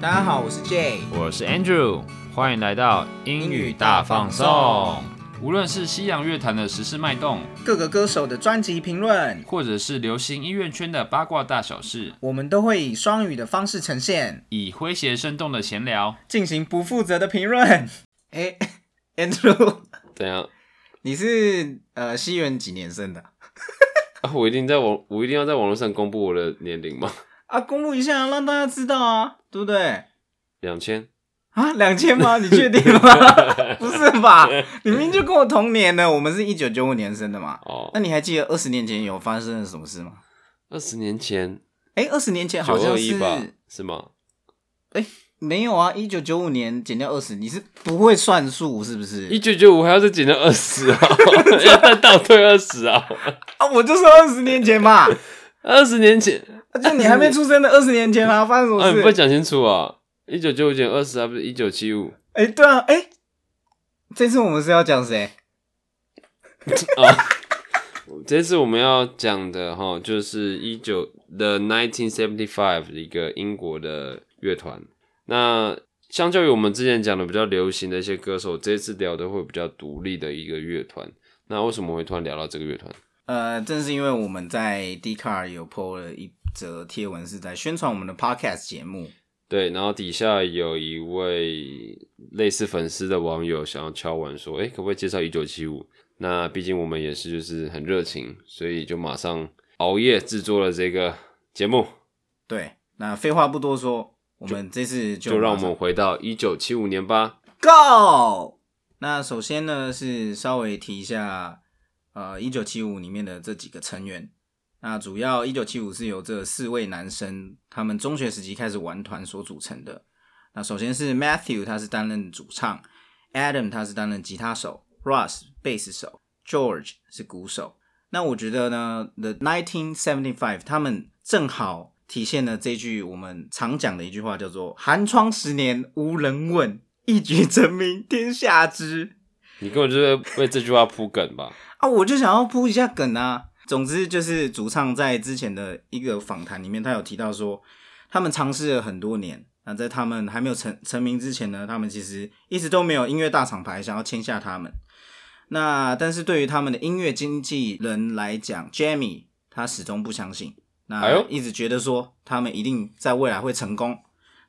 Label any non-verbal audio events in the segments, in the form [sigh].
大家好，我是 Jay，我是 Andrew，歡迎來到英語大放送。放無論是西洋樂壇的時事脈動，各個歌手的專輯評論，或者是流行音樂圈的八卦大小事，我們都會以雙語的方式呈現，以詼諧生動的閒聊進行不負責的評論。誒 Andrew 怎樣？你是呃西元幾年生的？ [laughs] 啊、我一定在網，我一定要在網絡上公布我的年齡嗎？啊，公布一下，讓大家知道啊，對不對？兩千啊，兩千嗎？你確定嗎？ [laughs] [laughs] 不是吧？你明明就跟我同年的，我們是一九九五年生的嘛。哦，那你還記得二十年前有發生了什麼事嗎？二十年前，哎，二十年前好像是吧，是嗎？哎，沒有啊，一九九五年減掉二十，你是不會算數是不是？一九九五還要再減掉二十啊？ [laughs] 要倒退二十啊？ [laughs] 啊，我就說二十年前嘛。 [laughs] 二十年前，就你還沒出生的二十年前啊， [laughs] 發生什麼事？啊、你不會講清楚啊！一九九五年二十，還不是一九七五？哎、欸，對啊，哎、欸，這次我們是要講誰？ [laughs] 啊，這次我們要講的哈，就是一九 The 1975的一個英國的樂團。那相較於我們之前講的比較流行的一些歌手，這次聊的會比較獨立的一個樂團。那為什麼會突然聊到這個樂團？呃，正是因為我們在 Dcard 有 po 了一則貼文，是在宣傳我們的 podcast 節目。對，然後底下有一位類似粉絲的網友想要敲碗說：“哎、欸，可不可以介紹一九七五？”那畢竟我們也是就是很熱情，所以就馬上熬夜製作了這個節目。對，那廢話不多說，我們這次就，就，就讓我們回到一九七五年吧。Go！那首先呢，是稍微提一下。呃，1975裡面的這幾個成員，那主要1975是由這四位男生，他們中學時期開始玩團所組成的。那首先是 Matthew，他是擔任主唱；Adam 他是擔任吉他手；Ross 貝斯手；George 是鼓手。那我覺得呢，The 1975他們正好體現了這句我們常講的一句話，叫做寒窗十年無人問，一舉成名天下知。你根本就是為這句話鋪梗吧？ [laughs] 啊，我就想要鋪一下梗啊！總之就是主唱在之前的一個訪談裡面，他有提到說，他們嘗試了很多年。那在他們還沒有成成名之前呢，他們其實一直都沒有音樂大廠牌想要簽下他們。那但是對於他們的音樂經紀人來講，Jamie 他始終不相信，那一直覺得說他們一定在未來會成功。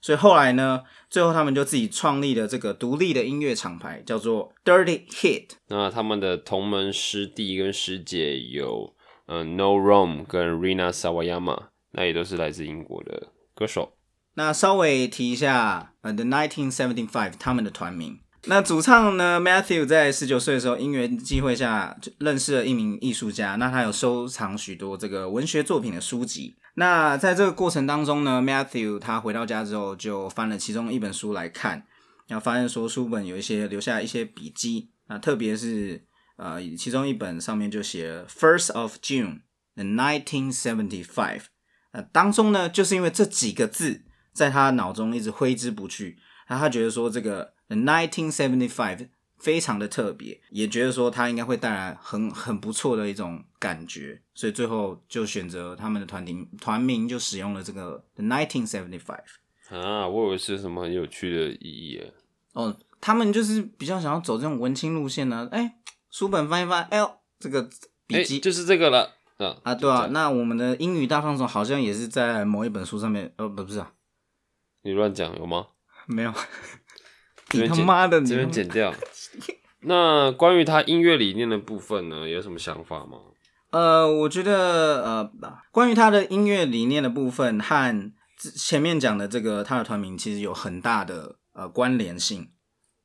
所以後來呢，最後他們就自己創立了這個獨立的音樂廠牌，叫做 Dirty Hit。那他們的同門師弟跟師姐有，嗯、呃、，No Rome 跟 Rina Sawayama，那也都是來自英國的歌手。那稍微提一下，呃，The 1975他們的團名。那主唱呢，Matthew 在十九歲的時候，因緣際會下就認識了一名藝術家。那他有收藏許多這個文學作品的書籍。那在這個過程當中呢，Matthew 他回到家之後就翻了其中一本書來看，然後發現說書本有一些留下一些筆記，啊，特別是呃其中一本上面就寫 First of June，the 1975，呃當中呢就是因為這幾個字在他腦中一直揮之不去，啊，那他覺得說這個 the 1975。非常的特別，也覺得說他應該會帶來很很不錯的一種感覺，所以最後就選擇他們的團體團名就使用了這個 Nineteen Seventy Five 啊，我以為是什麼很有趣的意義哦，他們就是比較想要走這種文青路線呢、啊。哎、欸，書本翻一翻，哎、欸、呦，這個筆記、欸、就是這個了。啊，啊對啊，那我們的英語大放鬆好像也是在某一本書上面。哦、呃，不是啊，你亂講有嗎？沒有。 [laughs] 你他媽的，這邊剪掉。 [laughs] 那關於他音樂理念的部分呢，有什麼想法嗎？呃，我覺得呃，關於他的音樂理念的部分和前面講的這個他的團名其實有很大的呃關聯性。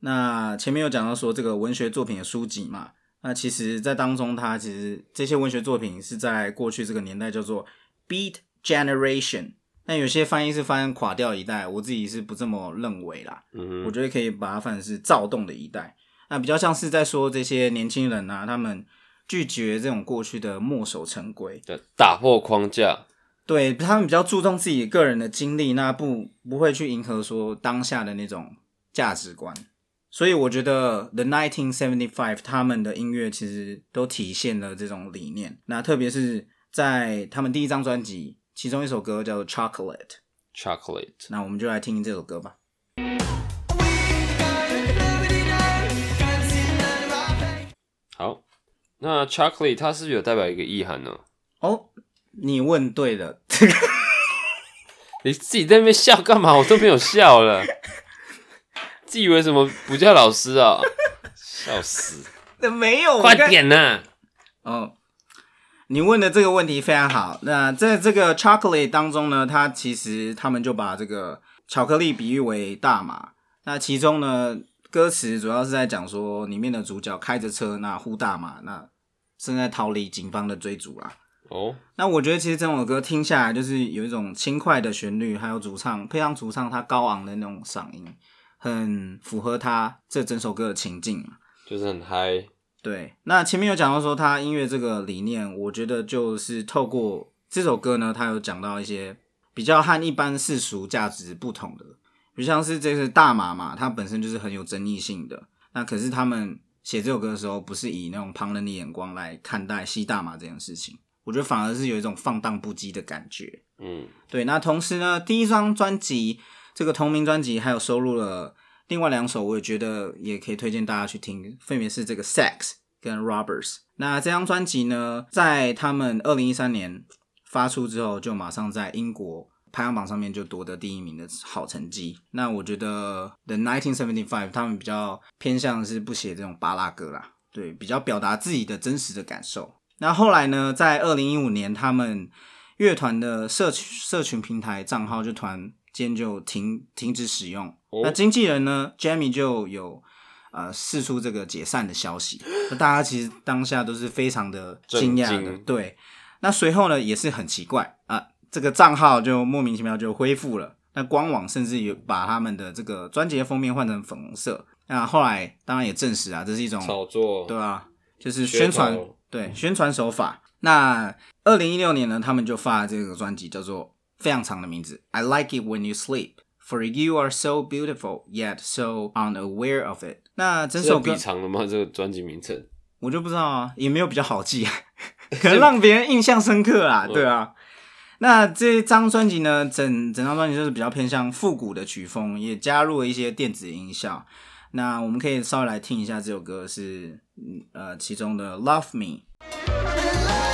那前面有講到說這個文學作品的書籍嘛，那其實在當中，他其實這些文學作品是在過去這個年代叫做 Beat Generation。那有些翻譯是翻“垮掉一代”，我自己是不這麼認為啦。嗯哼，我覺得可以把它翻譯是“躁動的一代”。那比較像是在說這些年輕人啊，他們拒絕這種過去的墨守成規，的打破框架。對，他們比較注重自己個人的經歷，那不不會去迎合說當下的那種價值觀。所以我覺得 The 1975他們的音樂其實都體現了這種理念。那特別是在他們第一張專輯。其中一首歌叫做《Chocolate》，Chocolate。那我們就來聽聽這首歌吧。好，那 Chocolate 它是不是有代表一個意涵呢？哦，你問對了。 [laughs] 你自己在那邊笑幹嘛？我都沒有笑了。 [laughs] 自己以為什麼不叫老師啊、哦，？ [laughs] 笑死！那沒有。快點啊！哦。你問的這個問題非常好。那在這個 chocolate 當中呢，他其實他們就把這個巧克力比喻為大麻。那其中呢，歌詞主要是在講說，裡面的主角開着車，那呼大麻，那正在逃離警方的追逐啦、啊。哦，oh? 那我覺得其實整首歌聽下來，就是有一種輕快的旋律，還有主唱配上主唱他高昂的那種嗓音，很符合他這整首歌的情境，就是很嗨。對，那前面有講到說他音樂這個理念，我覺得就是透過這首歌呢，他有講到一些比較和一般世俗價值不同的，比如像是這個大麻嘛，它本身就是很有爭議性的。那可是他們寫這首歌的時候，不是以那種旁人的眼光來看待吸大麻這件事情，我覺得反而是有一種放蕩不羈的感覺。嗯，對。那同時呢，第一張專輯這個同名專輯還有收錄了。另外兩首我也覺得也可以推薦大家去聽，分別是這個《Sex》跟《Robbers》。那這張專輯呢，在他們二零一三年發出之後，就馬上在英國排行榜上面就奪得第一名的好成績。那我覺得《The 1975》他們比較偏向是不寫這種芭樂歌啦，對，比較表達自己的真實的感受。那後來呢，在二零一五年，他們樂團的社群社群平台賬號就團。間就停停止使用，哦、那經紀人呢 Jamie 就有呃，釋出這個解散的消息，那大家其實當下都是非常的驚訝的，經對。那隨後呢，也是很奇怪啊、呃，這個賬號就莫名其妙就恢復了，那官網甚至有把他們的這個專輯封面換成粉紅色。那後來當然也證實啊，這是一種炒作，對吧、啊？就是宣傳，套對宣傳手法。那二零一六年呢，他們就發了這個專輯叫做。非常長的名字。I like it when you sleep, for you are so beautiful, yet so unaware of it。那整首歌是比較長的嗎？這個專輯名稱我就不知道啊，也沒有比較好記啊，可能讓別人印象深刻啊， [laughs] 對啊。那這張專輯呢，整整張專輯就是比較偏向復古的曲風，也加入了一些電子音效。那我們可以稍微來聽一下這首歌是呃其中的 Love Me。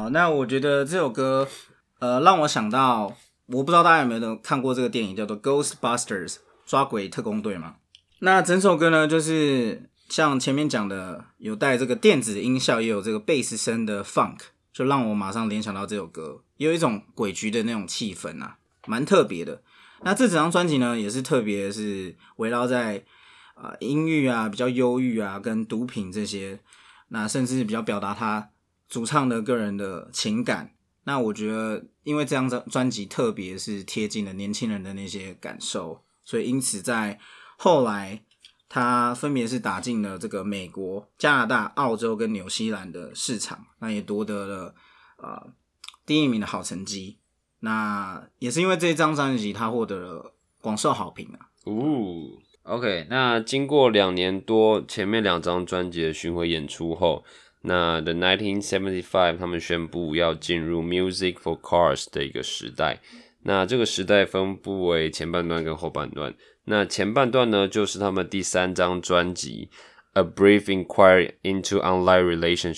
好，那我覺得這首歌，呃，讓我想到，我不知道大家有沒有看過這個電影叫做《Ghostbusters》抓鬼特工隊嘛？那整首歌呢，就是像前面講的，有帶這個電子音效，也有這個貝斯聲的 Funk，就讓我馬上聯想到這首歌，也有一種詭譎的那種氣氛啊，蠻特別的。那這整張專輯呢，也是特別是圍繞在啊、呃，陰鬱啊，比較憂鬱啊，跟毒品這些，那甚至比較表達他，主唱的個人的情感，那我覺得，因為這張專專輯，特別是貼近了年輕人的那些感受，所以因此在後來，他分別是打進了這個美國、加拿大、澳洲跟紐西蘭的市場，那也奪得了啊，呃，第一名的好成績。那也是因為這張專輯，他獲得了廣受好評啊。哦，OK，那經過兩年多前面兩張專輯的巡迴演出後。那 The 1975，他們宣布要進入 Music for Cars 的一個時代。那這個時代分布為前半段跟後半段。那前半段呢，就是他們第三張專輯《A Brief Inquiry into Online Relationship》。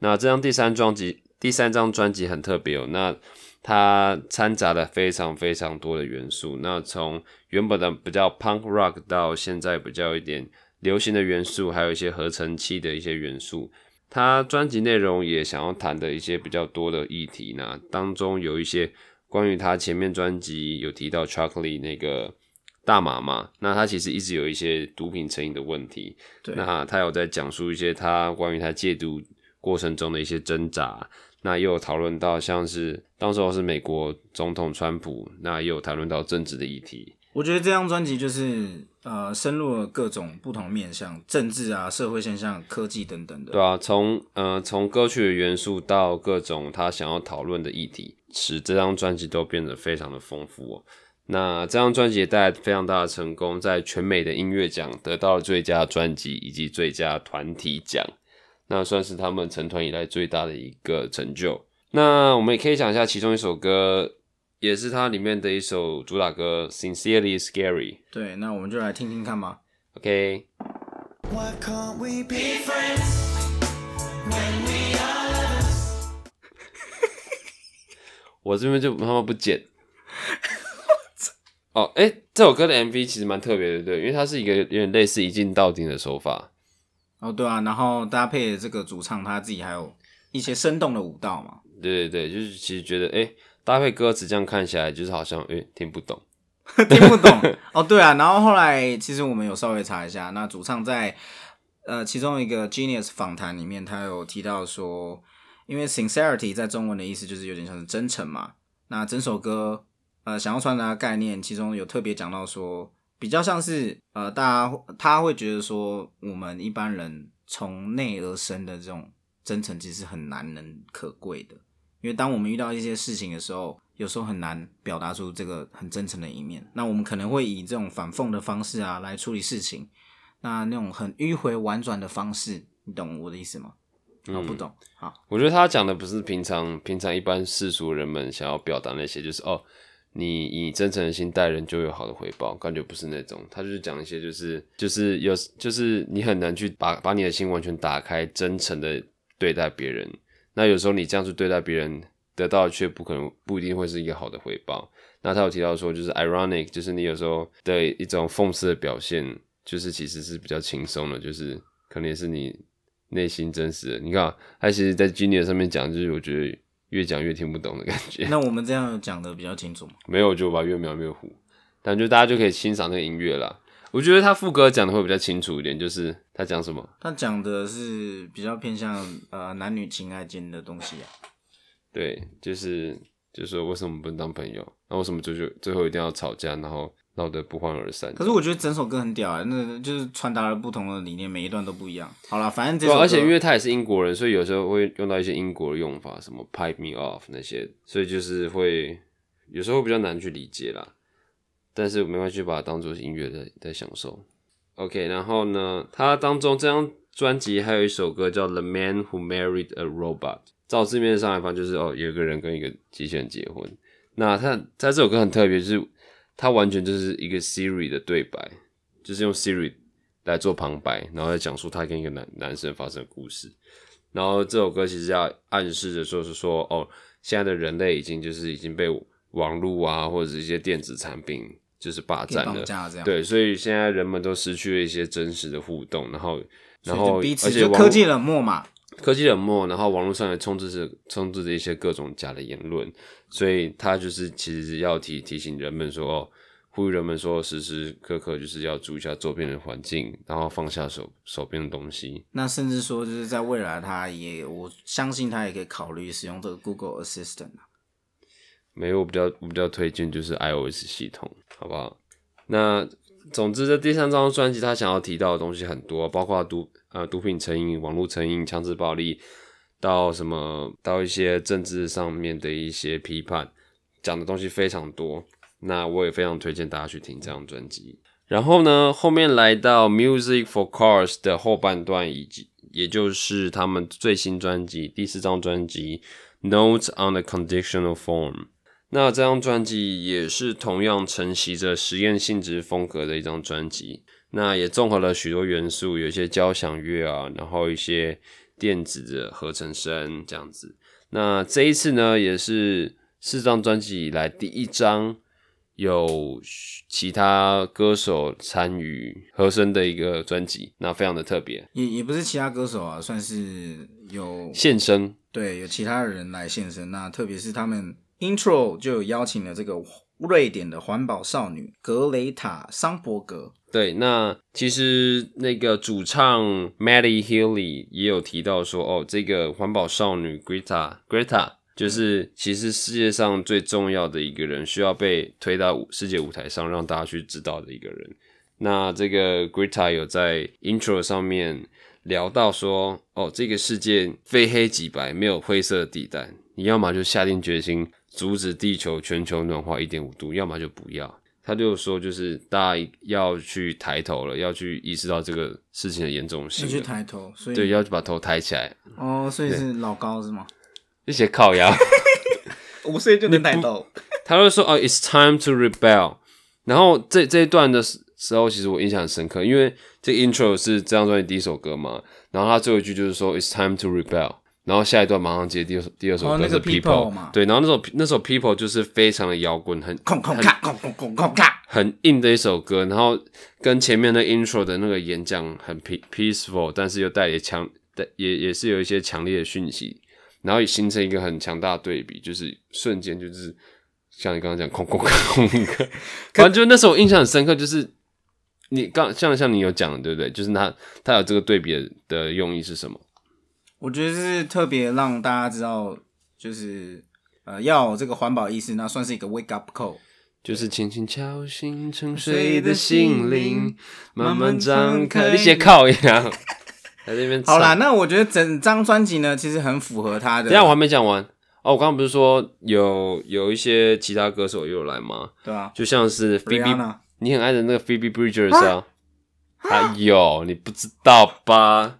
那這張第三張專輯，第三張專輯很特別哦。那它摻雜了非常非常多的元素。那從原本的比較 punk rock，到現在比較一點流行的元素，還有一些合成器的一些元素。他專輯內容也想要談的一些比較多的議題呢，那當中有一些關於他前面專輯有提到 Chocolate 那個大麻嘛，那他其實一直有一些毒品成癮的問題，對那他有在講述一些他關於他戒毒過程中的一些掙扎，那也有討論到像是當時候是美國總統川普，那也有談論到政治的議題。我覺得這張專輯就是呃，深入了各種不同的面向，政治啊、社會現象、科技等等的。對啊，從呃從歌曲的元素到各種他想要討論的議題，使這張專輯都變得非常的豐富喔。那這張專輯也帶來非常大的成功，在全美的音樂獎得到了最佳專輯以及最佳團體獎，那算是他們成團以來最大的一個成就。那我們也可以講一下其中一首歌。也是它裡面的一首主打歌《Sincerely Scary》。對，那我們就來聽聽看吧。OK。我這邊就他媽不剪。哦、 [laughs] [laughs] oh, 欸，這首歌的 MV 其實蠻特別的，對，因為它是一個有點類似一鏡到底的手法。哦，oh, 對啊，然後搭配這個主唱他自己還有一些生動的舞蹈嘛。對對對，就是其實覺得，哎、欸。搭配歌詞，這樣看起來就是好像哎、欸，聽不懂， [laughs] 聽不懂哦。Oh, 對啊，然後後來其實我們有稍微查一下，那主唱在呃其中一個 Genius 訪談裡面，他有提到說，因為 sincerity 在中文的意思就是有點像是真誠嘛。那整首歌呃想要傳達的概念，其中有特別講到說，比較像是呃大家他會覺得說，我們一般人從內而生的這種真誠，其實是很難能可貴的。因為當我們遇到一些事情的時候，有時候很難表達出這個很真誠的一面。那我們可能會以這種反諷的方式啊來處理事情，那那種很迂迴婉轉的方式，你懂我的意思嗎？我、嗯哦、不懂。好，我覺得他講的不是平常平常，一般世俗人們想要表達那些，就是哦，你以真誠的心待人就有好的回報，感覺不是那種。他就是講一些就是就是有就是你很難去把把你的心完全打開，真誠的對待別人。那有時候你這樣去對待別人，得到的卻不可能不一定會是一個好的回報。那他有提到說，就是 ironic，就是你有時候的一種諷刺的表現，就是其實是比較輕鬆的，就是可能也是你內心真實的。你看他其實在 Genius 上面講，就是我覺得越講越聽不懂的感覺。那我們這樣講得比較清楚嗎？沒有，就我把它越描越糊。但就大家就可以欣賞那個音樂了。我覺得他副歌講的會比較清楚一點，就是他講什麼？他講的是比較偏向呃男女情愛間的東西啊。對，就是就是說為什麼不能當朋友？那為什麼就最後一定要吵架，然後鬧得不歡而散？可是我覺得整首歌很屌啊，那就是傳達了不同的理念，每一段都不一樣。好了，反正這首歌對啊，而且因為他也是英國人，所以有時候會用到一些英國的用法，什麼 pipe me off 那些，所以就是會有時候會比較難去理解啦。但是我沒辦法去把它當做音樂在在享受。OK，然後呢，它，當中這張專輯還有一首歌叫《The Man Who Married a Robot》，照字面上來翻就是哦，有一個人跟一個機器人結婚。那他他這首歌很特別，就是他完全就是一個 Siri 的對白，就是用 Siri 來做旁白，然後來講述他跟一個男男生發生的故事。然後這首歌其實要暗示着說，說、就是說哦，現在的人類已經就是已經被網絡啊或者是一些電子產品。就是霸佔的。對，所以現在人們都失去了一些真實的互動，然後，然後，就彼此而且就科技冷漠嘛，科技冷漠，然後網絡上也充斥着充斥着一些各種假的言論，所以他就是其實是要提提醒人們說，哦、呼籲人們說，時時刻刻就是要注意一下周邊的環境，然後放下手手邊的東西。那甚至說，就是在未來，他也我相信他也可以考慮使用這個 Google Assistant。沒有，我比較我比較推薦就是 iOS 系統，好不好？那總之，這第三張專輯他想要提到的東西很多，包括毒呃毒品成癮、網絡成癮、槍支暴力，到什麼到一些政治上面的一些批判，講的東西非常多。那我也非常推薦大家去聽這張專輯。然後呢，後面來到 Music for Cars 的後半段，以及也就是他們最新專輯第四張專輯 Notes on a Conditional Form。那這張專輯也是同樣承襲着實驗性質風格的一張專輯，那也綜合了許多元素，有一些交響樂啊，然後一些電子的合成聲這樣子。那這一次呢，也是四張專輯以來第一張有其他歌手參與和聲的一個專輯，那非常的特別。也也不是其他歌手啊，算是有獻聲，對，有其他人來獻聲。那特別是他們。Intro 就有邀請了這個瑞典的環保少女格雷塔桑伯格。對，那其實那個主唱 Matty Healy 也有提到說，哦，這個環保少女 Greta，Greta 就是其實世界上最重要的一個人，需要被推到世界舞台上，讓大家去知道的一個人。那這個 Greta 有在 Intro 上面聊到說，哦，這個世界非黑即白，沒有灰色的地帶，你要麼就下定決心。阻止地球全球暖化一點五度，要麼就不要。他就說，就是大家要去抬頭了，要去意識到這個事情的嚴重性。你去抬頭，所以對，要去把頭抬起來。哦，所以是老高是嗎？那些烤鴨五歲就能抬頭。 [laughs] 他就說：“哦，oh，It's time to rebel。”然後這這一段的時候，其實我印象很深刻，因為這 intro 是這張專輯第一首歌嘛。然後他最後一句就是說：“It's time to rebel。”然後下一段馬上接第二首，第二首歌是 people 嘛，對，然後那首那首 People 就是非常的搖滾，很很硬的一首歌。然後跟前面的 Intro 的那個演講很平 Peaceful，但是又帶也強帶也也是有一些強烈的訊息。然後也形成一個很強大的對比，就是瞬間就是像你剛剛講空空空空空，反正就那時候我印象很深刻。就是你剛像像你有講對不對？就是他他有這個對比的的用意是什麼？我覺得是特別讓大家知道，就是呃，要有這個環保意識，那算是一個 wake up call，就是輕輕敲醒沉睡的心靈，對慢慢張開一些 call 一樣。 [laughs] 在這邊，好啦，那我覺得整張專輯呢，其實很符合他的。等下我還沒講完哦，我剛剛不是說有有一些其他歌手又來嗎？對啊，就像是菲比嘛你很愛的那個菲比 Bridgers 啊，還、啊、有你不知道吧？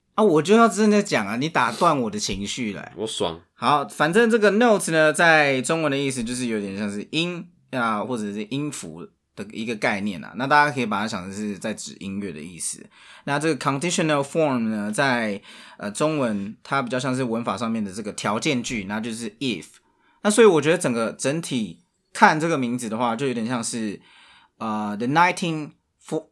啊，我就要真的講啊，你打斷我的情緒了、欸。我爽。好，反正這個 notes 呢，在中文的意思就是有點像是音啊，或者是音符的一個概念啊。那大家可以把它想的是在指音樂的意思。那這個 conditional form 呢，在呃中文它比較像是文法上面的這個條件句，那就是 if。那所以我覺得整個整體看這個名字的話，就有點像是呃 the nineteen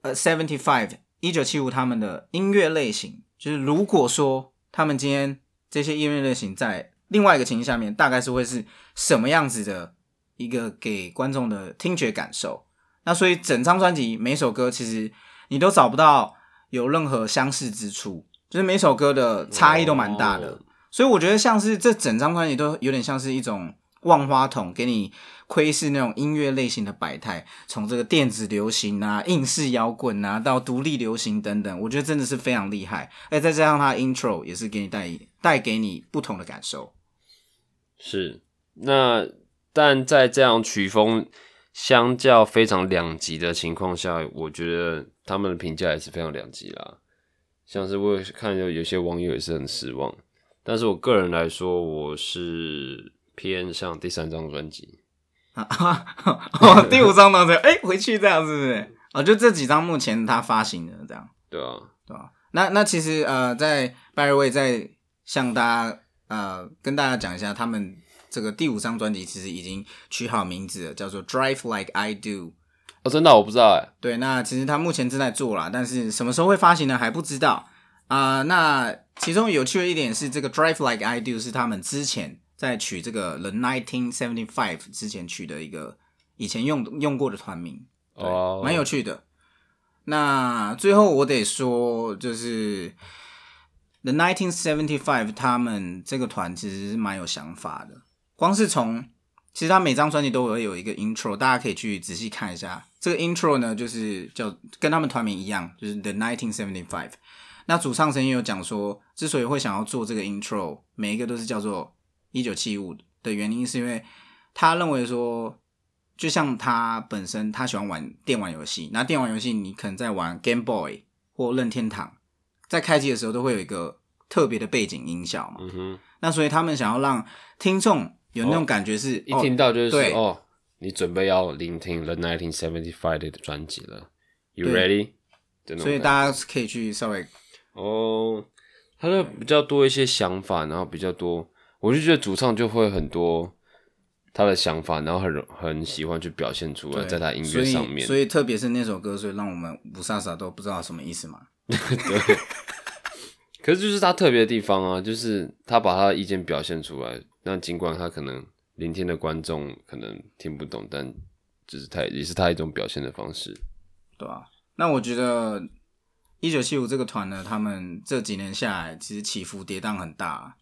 seventy five 一九七五他們的音樂類型，就是如果說他們今天這些音樂類型在另外一個情境下面，大概是會是什麼樣子的一個給觀眾的聽覺感受？那所以整張專輯每首歌其實你都找不到有任何相似之處，就是每首歌的差異都蠻大的。Wow. 所以我覺得像是這整張專輯都有點像是一種。萬花筒給你窺視那種音樂類型的百態，從這個電子流行啊、硬式搖滾啊到獨立流行等等，我覺得真的是非常厲害。而且，再加上它的 intro 也是給你帶帶給你不同的感受。是，那但在這樣曲風相較非常兩極的情況下，我覺得他們的評價也是非常兩極啦。像是我有看有有些網友也是很失望，但是我個人來說，我是。偏向第三張專輯啊， [laughs] 哦，第五張呢？哎、欸，回去這樣是不是？哦，就這幾張目前他發行的這樣，對啊，對啊。那那其實呃，在 By the Way 在向大家呃跟大家講一下，他們這個第五張專輯其實已經取好名字了，叫做 Drive Like I Do。哦，真的、啊、我不知道哎、欸。對，那其實他目前正在做啦，但是什麼時候會發行呢？還不知道啊、呃。那其中有趣的一點是，這個 Drive Like I Do 是他們之前。在取這個 the nineteen seventy five 之前取的一個以前用用過的團名，哦，蠻有趣的。那最後我得說，就是 the nineteen seventy five 他們這個團其實是蠻有想法的。光是從其實他每張專輯都會有一個 intro，大家可以去仔細看一下。這個 intro 呢，就是，就是叫跟他們團名一樣，就是 the nineteen seventy five。那主唱成員有講說，之所以會想要做這個 intro，每一個都是叫做。一九七五的原因是因為他認為說，就像他本身他喜歡玩電玩遊戲，那電玩遊戲你可能在玩 Game Boy 或任天堂，在開機的時候都會有一個特別的背景音效嘛。嗯哼。那所以他們想要讓聽眾有那種感覺是，哦哦、一聽到就是說對哦，你準備要聆聽 The Nineteen Seventy Five 的專輯了，You Ready？對。Ready? The 所以大家可以去稍微哦，他就比較多一些想法，然後比較多。我就覺得主唱就會很多他的想法，然後很很喜歡去表現出來，在他的音樂上面。所以，所以特別是那首歌，所以讓我們霧煞煞都不知道什麼意思嘛。 [laughs] 對。 [laughs] 可是，就是他特別的地方啊，就是他把他的意見表現出來，那儘管他可能聆聽的觀眾可能聽不懂，但就是他也是他一種表現的方式，對啊，那我覺得，一九七五這個團呢，他們這幾年下來，其實起伏跌宕很大啊。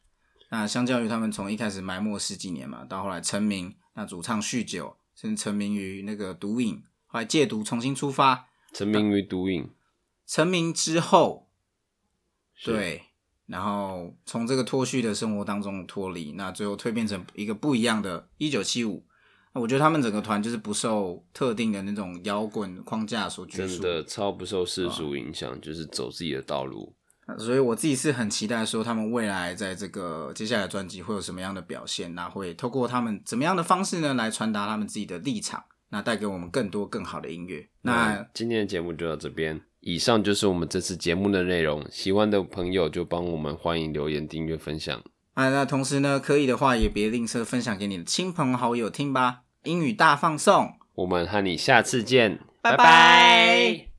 那相較於他們從一開始埋沒十幾年嘛，到後來成名，那主唱酗酒，甚至成名於那個毒癮，後來戒毒重新出發，成名於毒癮，成名之後，是對，然後從這個脫序的生活當中脫離，那最後蛻變成一個不一樣的《一九七五》。那我覺得他們整個團就是不受特定的那種搖滾框架所拘束，真的超不受世俗影響，哦、就是走自己的道路。啊、所以我自己是很期待說他們未來在這個接下來專輯會有什麼樣的表現，那會透過他們怎麼樣的方式呢來傳達他們自己的立場，那帶給我們更多更好的音樂。那、嗯、今天的節目就到這邊，以上就是我們這次節目的內容。喜歡的朋友就幫我們歡迎留言、訂閱、分享、啊。那同時呢，可以的話也別吝嗇分享給你的親朋好友聽吧。英語大放送，我們和你下次見，拜拜。拜拜。